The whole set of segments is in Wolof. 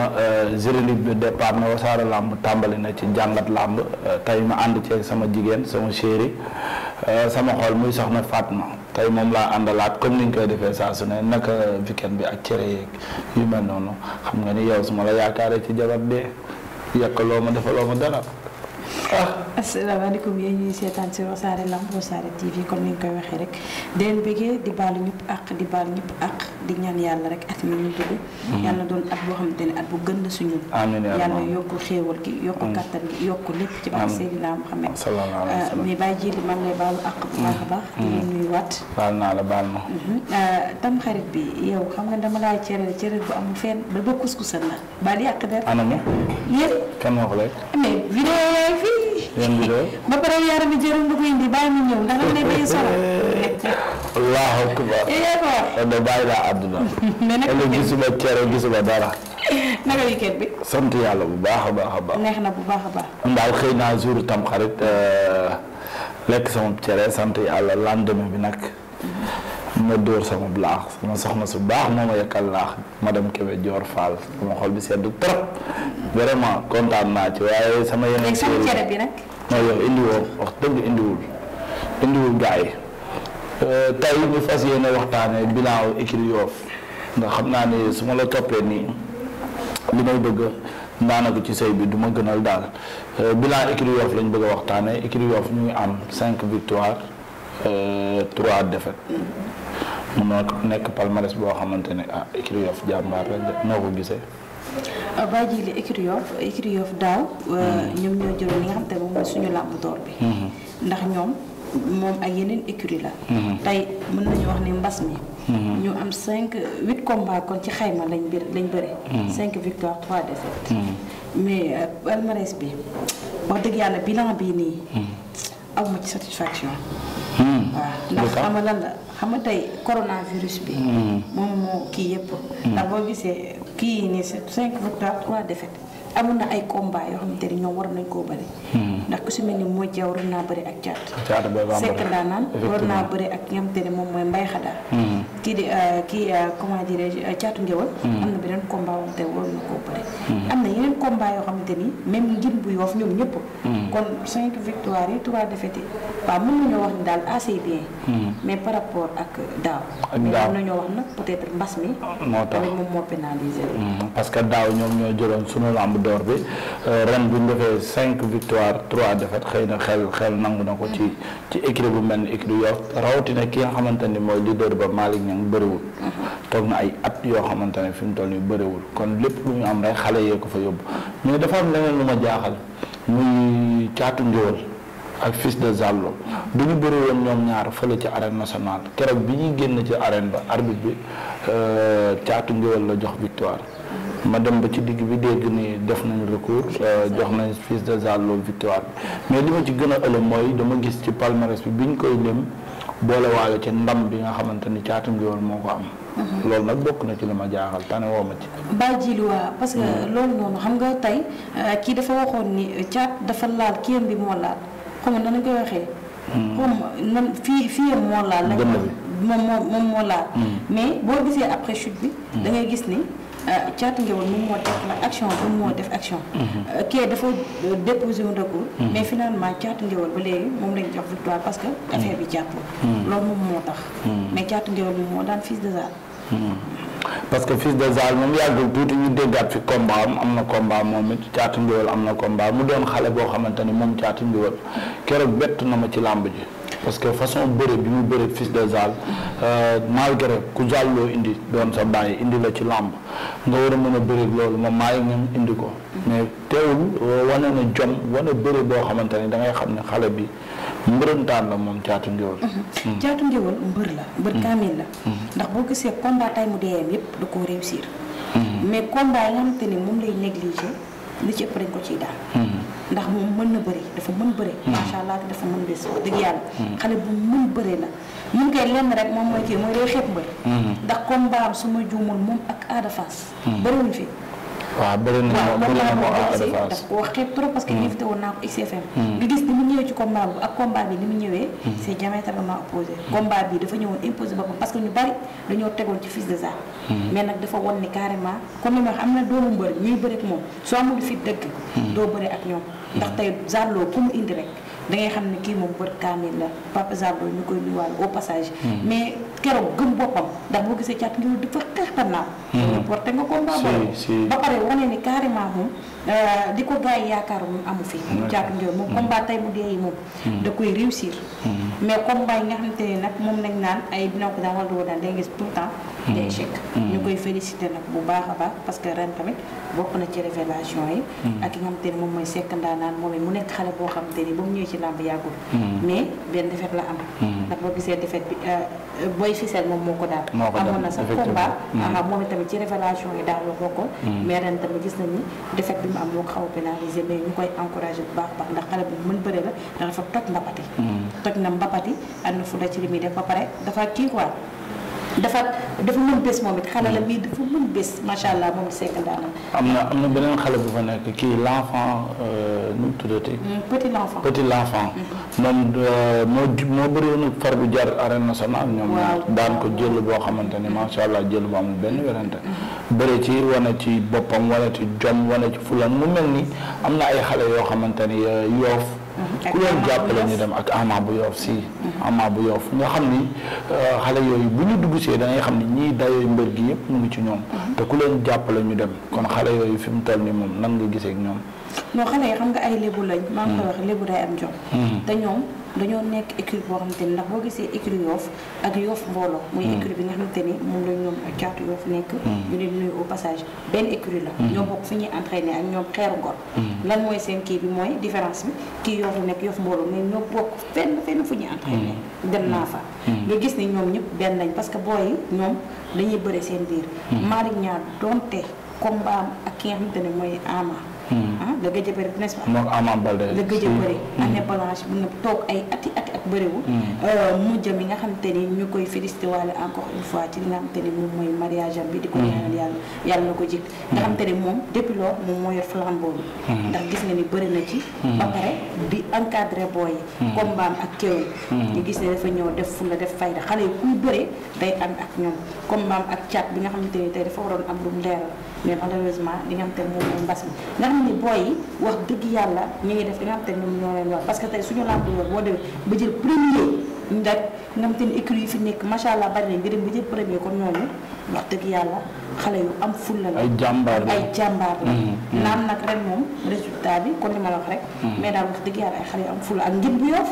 na euh, juréli bi départ na wasaare làmb tàmbali na ci jàngat làmb euh, tey ma ànd ceeg sama jigéen sama chéri euh, sama xol muy soxna Fatma tey moom laa àndalaat comme ni ñu koy defee saa su ne naka weekend bi ak cere yeeg yu mel noonu xam nga ni yow su ma la yaakaaree ci jabar dee yàkkaloo ma defaloo ma dara asalaamaaleykum yéen ñuy seetaan si Wassare Lamb Wassare TV comme ni ñu koy waxee rek den bëggee di baalu ñëpp ak di baalu ñëpp ak ñaan yàlla rek at mi ñu dugg mhm. doon boo xamante ne at bu gën la suñu yàlla yokku xéewal gi yokku kattan gi yokku lépp ci baax Seydina Mohamed euh, mais bàyyi jiili maa ngi lay baalu ak bu baax a baax mhm. di nuy waat mhm. baal naa la baal ma euh, tam xarit bi yow xam nga dama laay cere cere bu amul fenn ba ba kuskusan la baal yàq der anam yéen kan moo ko lay mais vidéo yaay fii ba pare yar bi jërëm bu ko indi bàyyi mu ñëw ndax am na bay solo. allahu akbar. yaa ko wax. kon de bàyyi naa àdduna. mais nag kon gisuma cere gisuma dara. naka weekend bi. sant yàlla bu baax a baax a baax. neex na bu baax a baax. ndaal xëy naa jour tam xarit euh, lekk sama cere sant yàlla lendemain bi nag. ma dóor sama blaax sama soxna su baax moo ma yekkal laax madame Kébé Dior Fall sama xol bi sedd trop vraiment kontaan naa ci waaye sama yeneen cere bi nag moo indiwoo wax dëgg indiwul indiwul gars yi euh, tey ñu fas yéene waxtaane bilan écurie Yoff ndax xam naa ne su ma la toppee nii li may bëgg daanaka ci sëy bi du ma gënal daal euh, bilan écurie Yoff lañ bëgg a waxtaane écurie Yoff ñu ngi am cinq victoires euh, trois défaites munoo nekk palmarès boo xamante ne ah écurie Yoff jàmbaar rek noo ko gisee. Baye ah, Djily écurie Yoff écurie Yoff daaw euh, hmm. ñoom ñoo jëloon nga xam te moom mooy suñu làmb door bi. Hmm. ndax ñoom moom ak yeneen écurie la. Hmm. tey mën nañu wax ni mbas mi. ñu am cinq huit combats kon ci xayma lañ bëri lañ bëri. cinq victoires trois défaites. mais euh, palmarès bi wax dëgg yàlla bilan nii. aw ma ci satisfaction. Hmm. waaw ndax xam la xam nga tey coronavirus bi. Hmm. moom moo kii yëpp. Hmm. ndax boo gisee kii yi nii c'est cinq victoires trois défaites. amoon na ay combat yoo xamante ni ñoom war nañ mooy jaww war naa bëri ak ak ki nga xamante hmm. di euh, kii euh, comment dirais je caatu euh, ngewal. Hmm. am na beneen combat wante te na koo bëri. Hmm. na yeneen xamante ni même njin bu yoof ñoom ñëpp. kon cinq victoires yi trois défaites yi waaw mën nañoo par rapport ak daaw. ak daaw mën nañoo wax nag peut mbas mi. moo tax parce que daaw ñoom ñoo jëloon sunu lamb door bi euh, ren bu ñu defee cinq victoire trois défaites xëy na xel xel nangu na ko ci ci écurie bu mel ni écurie Yoff rawatina ki nga xamante ni mooy leader ba Malick Niang bëriwul toog na ay at yoo xamante ne fi mu toll nii bëriwul kon lépp lu ñu am rek xale yee ko fa yóbbu mais dafa am leneen lu ma jaaxal muy caatu njóol ak fils de Zallo du ñu bëri ñoom ñaar fële ci arène nationale keroog bi ñuy génn ci arène ba arbitre bi euh, caatu njóol la jox victoire ma dem ba ci digg bi dégg ni def nañu recours euh, jox nañu fils de Zal Lo victoire mais li ma ci gën a ëllëg mooy dama gis ci palmarès bi biñ koy lim boolewaale ci ndam bi nga xamante ni caatu ngeewal moo ko am. Mhm. loolu nag bokk na ci li ma jaaxal tane woo ma ci. bàyyi ji waa parce que mhm. lool noonu xam nga tey euh, kii dafa waxoon ni caat dafa laal kiyam bi moo laal xam nga nan koy waxee. comme nan fii fii moo laal. lañ moom moo moom moo laal. Mhm. mais boo gisee après chute bi. da ngay gis ni. Euh, Thiatou Nguéweul moom moo teg la action moom moo def action. Mhm. Euh, kii dafa déposé un mhm. mais finalement Thiatou Nguéweul ba léegi moom lañ jox victoire parce que mhm. affaire bi jàppul. loolu moom moo tax. mais Thiatou Nguéweul moom parce que fils de Zal moom yàggul tuuti ñu déggaat fi combat am na combat moom it Thiatou Nguéweul am na combat mu doon xale boo xamante ni moom Thiatou Nguéweul keroog bett na ma ci làmb ji. parce que façon bëre bi mu bëre fils de Zal euh, malgré ku Zal loo indi doon sa bàyyi indi la ci làmb nga war a mën a bëre loolu moom maa ngi moom indi ko mais teewul euh, wane na jom wane bëre boo xamante ne da ngay xam ne xale bi mbërantaan la moom caatu ngéwél caatu ngéwél mbër la mbër mm. kaamil la mm. ndax boo gisee combat mu deeyam yépp da koo réussir mm. mais combat nga xamante ni moom lay négligé li ci ëpp ko ciy daal ndax moom mën na bëri dafa mën bëri hmm. macha allah te dafa mën bés wax dëgg yàlla hmm. xale bu mën bëri la mun koy moom mooy kii mooy day xeeb mbër hmm. ma juumul moom ak Ada Fass bëriwuñ fi waaw bëri na waaw moom laa moom def si daf gis ni mu ñëwee ci combat bi ak combat bi ni mu ñëwee c'est diamétralement opposé combat bi dafa ñëwoon imposé boppam parce que ñu bari dañoo tegoon ci fils de mais nag dafa won ni carrément comme ni ma am na doomu mbër ñuy bëri ak moom soo amul fit dëgg doo bëri ak ñoom ndax tey Zarloo ku mu indi rek da ngay xam ne kii moom bët kaamil la Papa Zarloo ñu koy nuyuwaale au passage. Hmm. mais keroog gën boppam ndax boo gisee caat ngir dafa xeextan naa. Hmm. porté nga combat boobu ba pare wane ni carrément moom. Euh, di ko gars yaakaar moom amu fi. mu jaatu njool moom combat hmm. tay bu dee yi moom. Hmm. da koy réussir. Hmm. mais combat yi nga xamante ne nag moom nañ naan ay dina ko daan wala du gis tout le temps. day échec. ñu koy félicité nag a baax parce que ren tamit bokk na ci révélation yi. ak yi moom mooy sekk naan moom it mu nekk xale boo xamante ni ba mu ñëwee ci làmb yàggul. mais benn defet la am. ndax boo gisee defet bi euh, booy ficelle moom moo ko daal. amoon na sax combat. moom itamit ci révélation yi daal la bokkoon. mais ren tamit gis nañu defet bi mu am moo xaw a pénalisé mais ñu koy encouragé bu baax a baax ndax xale bu mën bëre la ndax dafa toj mbapati mm. toj na mbapati am na fu da ci li muy def ba pare dafa kii quoi dafa dafa mën bés moom it xale la mii dafa mën bés macha allah moom Seck daanaka. am na am na beneen xale bu fa nekk kii l' enfant euh, nu mu tuddati. Euh, petit l' enfant petit l' enfant. Mm-hmm. moom euh, moo moo bëriwoon far bu jar arène nationale. ñoom daan ko jël boo xamante ni macha allah jël bu amul benn werante. Mm-hmm. bëri ci wane ci boppam wane ci jom wane ci fulan mu mel ni am na ay xale yoo xamante ni yoof ku leen jàppale ñu dem ak ama bu yoof si ama bu yoof nga xam ni euh, xale yooyu bu ñu duggu see da ngay xam ni ñii dayooy mbër gi yëpp mu ngi ci ñoom te ku leen jàppale ñu dem kon xale yooyu fi mu toll nii moom nan nga giseek ñoom non xale yi xam nga ay lébu lañ maa ngi wax lébu day am jom hmm. te ñoom dañoo nekk écurie boo xamante ni ndax boo gisee écurie yoof ak yoof mbooloo mm. muy écurie bi nga xamante ni moom la ñoom caatu yoof nekk mm. ñu leen nuyu passage benn écurie la mm. ñoo bokk fi ñuy entraîné ak ñoom xeeru ngor lan mooy seen kii bi mooy différence bi kii yoof la nekk yoof mbooloo mais ñoo bokk fenn fenn fu ñuy entraîné dem naa fa nga gis ni ñoom ñëpp benn nañ parce que booy ñoom dañuy bëre seen biir Malick Niang donte combat am ak ki nga xamante ne mooy Ama Mm. ah la gëj a e bëri n'est-ce pas. moom Ama Baldé la gëj a e bëri. Mm. année blanche mun na toog ay ati ati. ak bëriwul. Mm. Euh, mujj mi nga xam te ni ñu koy félicité waale encore une fois ci li nga xam ni moom mooy bi. di ko mm. ñaanal ko jik nga xam te ni moom depuis loolu moo yor flambeau bi. Mm. ndax gis nga ni bëri na ci. ba pare di encadré booy yi. combat ak kéwél. ñu gis ne dafa ñëw def fulla def fayda xale yi kuy bëree day ànd ak ñoom ak caat bi nga xamante ni tey dafa waroon am lu mu leeral mais malheureusement li nga xam te moom mooy mbas mi nga xam ni booy yi wax dëgg yàlla ñu ngi def li nga xam ñoom ñoo leen war parce tey suñu làmb yor boo demee ba jël premier. ndax nga xamante ni yi fi nekk macha allah bari nañ nga dem ba premier kon ñooñu wax dëgg yàlla xale yu am fulla la. ay jàmbaar la naan jàmbaar la. Mm-hmm. naam nag ren moom résultat bi kon ni ma la rek. Mm-hmm. mais daal wax dëgg yàlla ay xale yu am fulla ak njëg bu yoof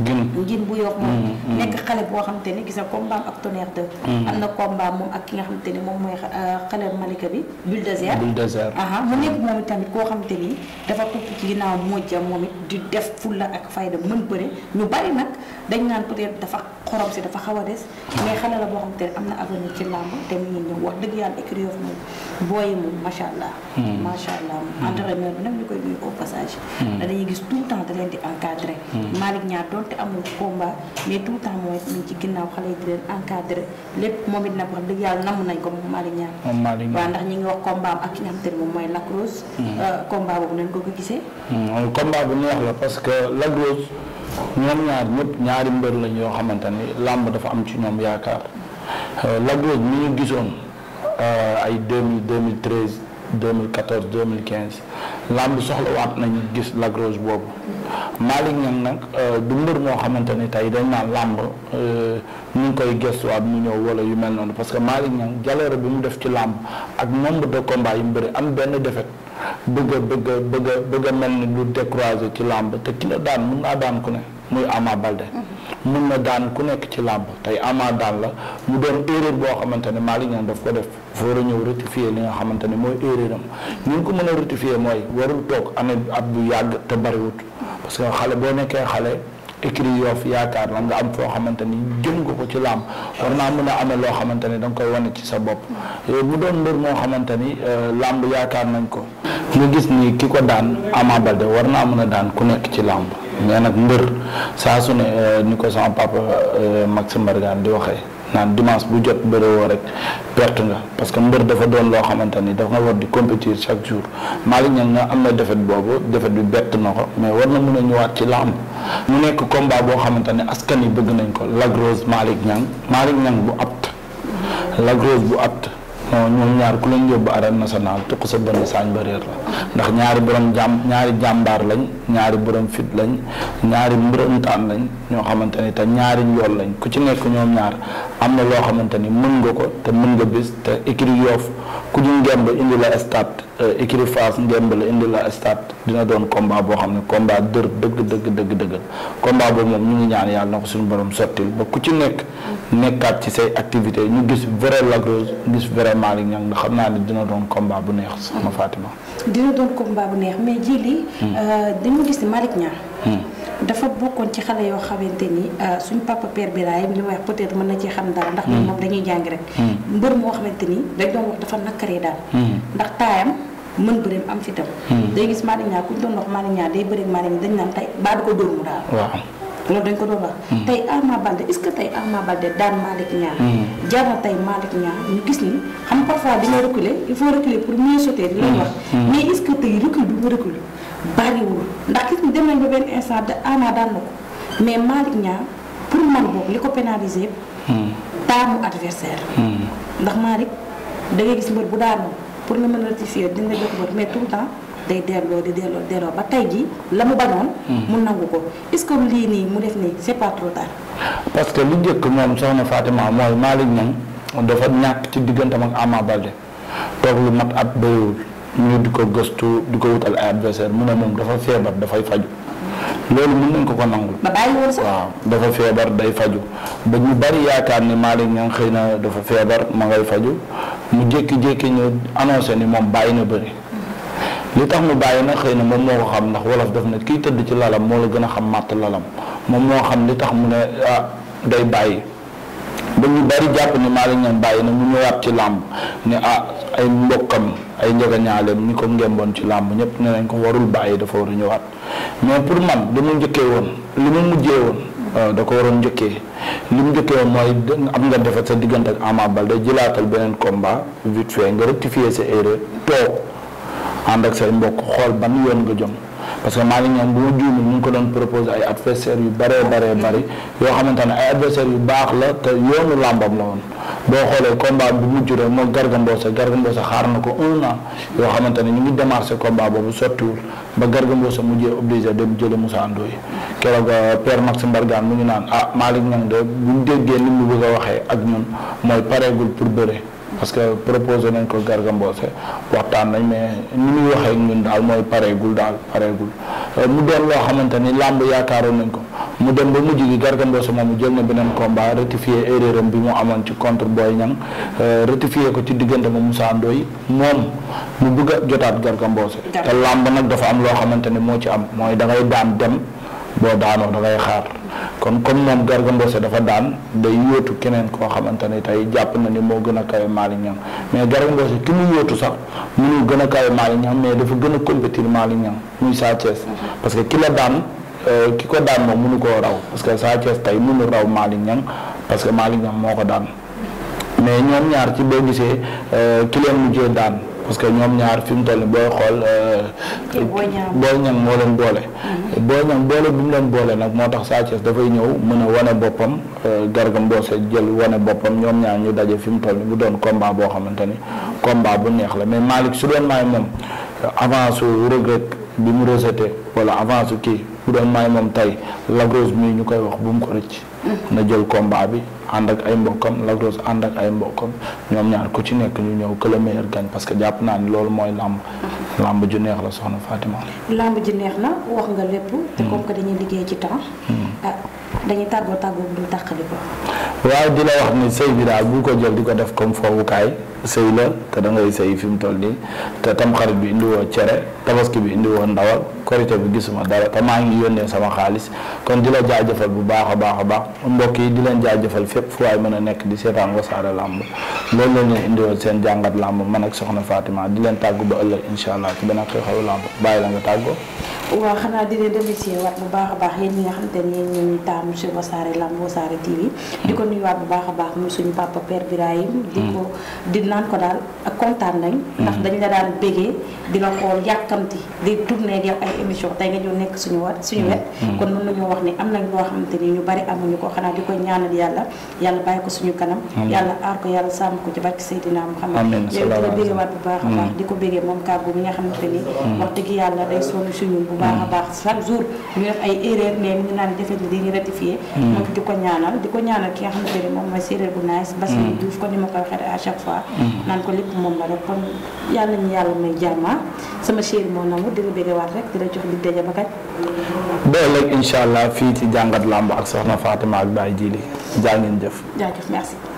ngin bu yokk moom mm. nekk xale boo xamante ni gis nga combat ak tonnerre de mm. am na combat moom ak ki nga xamante ni moom mooy euh, xale malika bi bulldozer bulldozer aha mu nekk moom tamit koo xamante ni dafa topp ci ginnaaw mojja moom it di def fulla ak fayda mën bëre ñu bari nag dañ naan peut-être dafa xorom si dafa xaw a des mais xale la boo xam te am na avenir ci làmb te mu ngi ñëw wax dëgg yàlla écurie Yoff moom booyi moom macha allah hmm. macha allah hmm. entraîneur bi nag ñu koy nuyu hmm. gis tout le temps da leen di encadré Malick Niang doonte amul combat mais tout le ginnaaw xale yi di leen encadré lépp moom it nag wax yàlla namm nañ ko moom Malick Niang waaw ndax ñi ngi wax combat ak ki euh, ko ko gisee combat bu neex la parce que Lac Rose ñoom ñaar ñëpp ñaari mbër lañ yoo xamante ni làmb dafa am ci ñoom yaakaar euh, Lagos mi ñu gisoon euh, ay deux mille deux mille treize deux mille quatorze deux mille quinze làmb soxlawaat nañu gis Lagos boobu Malick Niang nag euh, du mbër moo xamante ni tey dañ naan làmb ñu ngi koy gëstuwaat mu ñëw wala yu mel noonu parce que Malick Niang jaloore bi mu def ci làmb ak nombre de combats yu mu bëri am benn défaite. bëgg a bëgg a bëgg a bëgg a mel ni lu décroisé ci làmb te ki la daan mun naa daan ku muy Ama Balde mhm. mun na daan ku nekk ci làmb tey Ama daan la mu doon erreur boo xamante ne Malick Niang daf ko def dafa war a ñëw rectifier li nga xamante ne mooy erreur am ñu ko mën a rectifier mooy warul toog année ab bu yàgg te bariwut parce que xale boo nekkee xale écrit yoof yaakaar la nga am foo xamante ni jëm nga ko ci làmb war naa mën a amee loo xamante ni da koy wane ci sa bopp mhm. eh, mu doon mbir moo xamante ni eh, làmb yaakaar nañ ko nga gis ni ki ko daan Ama Baldé war naa mën a daan ku nekk ci làmb mais nag mbër saa su ne euh, ni ko sama papa euh, Max Mbargane di waxee naan dimanche bu jot bëriwoo rek perte nga parce que mbër dafa doon loo xamante ni daf nga war di compétir chaque jour Malick Niang nga am na defet boobu defet bi bett na ko mais war na mën a ñëwaat ci làmb mu nekk combat boo xamante ne askan yi bëgg nañ ko Lac Rose Malick Niang Malick bu apt Lac bu apt non ñoom ñaar ku leen yóbbu arène nationale tukk sa bënn saañ ba réer la ndax ñaari borom jàmm ñaari jàmbaar lañ ñaari borom fit lañ ñaari mbërëntaan lañ ñoo xamante ni te ñaari njool lañ ku ci nekk ñoom ñaar am na loo xamante ni mën nga ko te mën nga bis te écurie Yoff ku ñu ngemb indi la stade euh, écurie Fass ngemb la indi la stade dina doon combat boo xam ne combat dër dëgg dëgg dëgg dëgg combat boobu moom ñu ngi ñaan yàlla na ko suñu borom sottil ba ku ci nekk nekkaat ci say activité ñu gis vrai Lac Rose gis Malick Niang ndax xam naa ne dina doon combat bu neex sama hmm. Fatima. dina doon combat bu neex mais jili hmm. euh, dañu gis ne Malick Niang hmm. dafa bokkoon ci xale yoo xamante ni euh, suñ papa père Biraye li wax peut être mën na ci xam dara ndax moom dañuy jàng rek mbër moo xamante ni dañ doon wax dafa nakkaree daal ndax taayam mën bëreem am fitam day gis Malick Niang kuñ doon wax Malick Niang day bëreeg Malick Niang dañ naan tey baa du ko dóor mu daal loolu dañ ko doon wax. Hmm. tey Ama Baldé est que tey Ama Baldé daan Malick Niang. Hmm. jaar na tey Malick Niang ñu gis ni xam parfois di nga reculer il faut reculer pour mieux sauter. di leen hmm. wax mais est-ce que tey recul bi nga recul bariwul ndax gis ni dem nañ ba benn instant de Ama daan na ko mais Malick Niang pour man boog li ko pénaliser yëpp. taamu adversaire. ndax Malick da ngay gis mbër bu daanoo pour nga mën a rectifier dina jox mbër mais tout temps. day delloo di delloo delloo ba tey ji la mu banoon hmm. mu nangu ko est-ce que lii nii mu def lu njëkk moom soxna Fatima mooy Malick moom dafa ñàkk ci diggante ak Ama Balde toog lu mat at bëriwul ñu di ko gëstu di ko wutal ay adversaire mu ne moom dafa feebar dafay faju loolu mën nañ ko ko nangul waaw dafa feebar day faju ba ñu bari yaakaar ni Malick ña xëy na dafa feebar ma ngay faju mu jékki-jékki ñu annoncé ni moom bàyyi na bëri li tax mu bàyyi na xëy na moom moo ko xam ndax wolof def na kii tëdd ci lalam moo la gën a xam màtt lalam moom moo xam li tax mu ne ah day bàyyi ba ñu bari jàpp ni maa leen bàyyi na mu ñëwaat ci làmb ne ah ay mbokkam ay njëgañaaleem ñi ko ngemboon ci làmb ñëpp ne nañ ko warul bàyyi dafa war a ñëwaat mais pour man li mu njëkkee woon li mu mujjee woon da ko waroon njëkkee li mu njëkkee woon mooy am nga defar sa diggante ak Ama Baldé jëlaatal beneen combat vite fait nga rectifier sa erreur toog ànd ak say mbokk xool ban yoon nga jëm parce que Malick Niang bu ma juumee ñu ngi ko doon proposé ay adversaires yu bëree bëree bëri yoo xamante ne ay adversaires yu baax la te yoonu làmbam la woon boo xoolee combat bu mujj rek moo Garga Mbossé Garga Mbossé xaar na ko un an yoo xamante ni ñu ngi démarché combat boobu sottiwul ba Garga Mbossé mujjee obligé dem jële Moussa Ndoye keroog euh, Père Max Mbargane mu ngi naan ah Malick Niang de buñ déggee li mu bëgg a waxee ak ñun mooy pareegul pour bëre. parce que proposé nañ ko Garga Mbossé waxtaan nañ mais ni muy waxee ñun daal mooy pareegul daal pareegul euh, mu doon loo xamante ni làmb yaakaaroon nañ ko mu dem ba mujj gi Garga Mbossé mu jël na beneen combat rectifié erreur am bi mu amoon ci contre Boy Niang euh, rectifié ko ci diggante ma Moussa Ndoye moom mu bëgg a jotaat Garga Mbossé te làmb nag dafa am loo xamante ni moo ci am mooy da ngay daan dem boo daanoo da ngay xaar kon comme moom Garga Mbossé dafa daan day yóotu keneen koo xamante ne tey jàpp na ni moo gën a kawe Malick Niang mais Garga Mbossé ki mu yóotu sax mënul gën a kawe Malick Niang mais dafa gën a compétir Malick Niang muy Sa Thiès parce que ki la daan euh, ki ko daan moom nu koo raw parce que Sa Thiès tey mënu raw maali Niang parce que Malick Niang moo ko daan mais ñoom ñaar ci boo gisee euh, ki leen mujjee daan parce que ñoom ñaar fi mu toll booy xool. Euh, Boy Niang moo leen boole. Mm-hmm. Boy Niang boole bi mu leen boole nag moo tax Sa Thiès dafay ñëw mën a wane boppam euh, Garga Mbossé jël wane boppam ñoom ñaar ñu daje fi mu toll bu doon combat boo xamante ni combat bu neex la mais Malick su doon maay moom euh, avance su Reug bi mu rejeté wala avance kii bu doon maay moom tey Lagrosse mii ñu koy wax bu mu ko rëcc. Mm-hmm. na jël combat bi ànd ak ay mbokkam Lagrosse ànd ak ay mbokkam ñoom ñaar ku ci nekk ñu ñëw que le meilleur parce que jàpp naa ni loolu mooy làmb. Mm-hmm. làmb ju neex la soxna Fatima. làmb ji neex na wax nga lépp. Mm. te comme que dañuy liggéey ci temps. Mm. Ah, dañuy tàggoo tàggoo bu dul tàqaliko waaw di la wax ni sëy bi daal bu ko jël di ko def comme fowukaay sëy la te da ngay sëy fi mu toll nii te tamxarit bi indiwoo cere tabaski bi indi ndawal korité bi gisuma sama xaalis kon di la jaajëfal bu baax a baax a baax mbokk yi di leen jaajëfal fépp fu waay mën a nekk di seetaan wasaare làmb loolu la leen indiwoon seen jàngat làmb man ak soxna Fatima di ba ëllëg incha allah ci beneen xew-xewu làmb bàyyi la nga tàggoo. waaw xanaa di leen remercier waat bu baax a baax yéen ñi nga xamante ne yéen ñoo ñu taamu si wasaare làmb wasaare TV di ko nuyuwaat bu baax a baax mu suñu papa Père Birahim di ko di naan ko daal kontaan nañ ndax dañ la daan bégee di la xool yàkkamti di tourné ak yow ay émission tey nga ñëw nekk suñu war suñu mm-hmm. wet kon mën nañoo wax ni am nañ loo xamante ni ñu bari amuñu ko xanaa di ko ñaanal bu baax a baax mm-hmm. di ko bégee moom kàggu bi nga xamante ni mm-hmm. wax dëgg yàlla day sonn suñu bu a baax chaque jour ñu def ay erreur mais ñu naan defet li dañuy ratifié moom di ko ñaanal di ko ñaanal ki nga xamante ni moom mooy séeréer bu nice basi Diouf ko ni ma koy waxee à chaque fois moom la rek ah. waat rek jox dig daje ba kañ. ba ëllëg incha allah fii ci jàngat làmb ak soxna Fatima ak Baye Djili jaa ngeen jëf. jaajëf merci.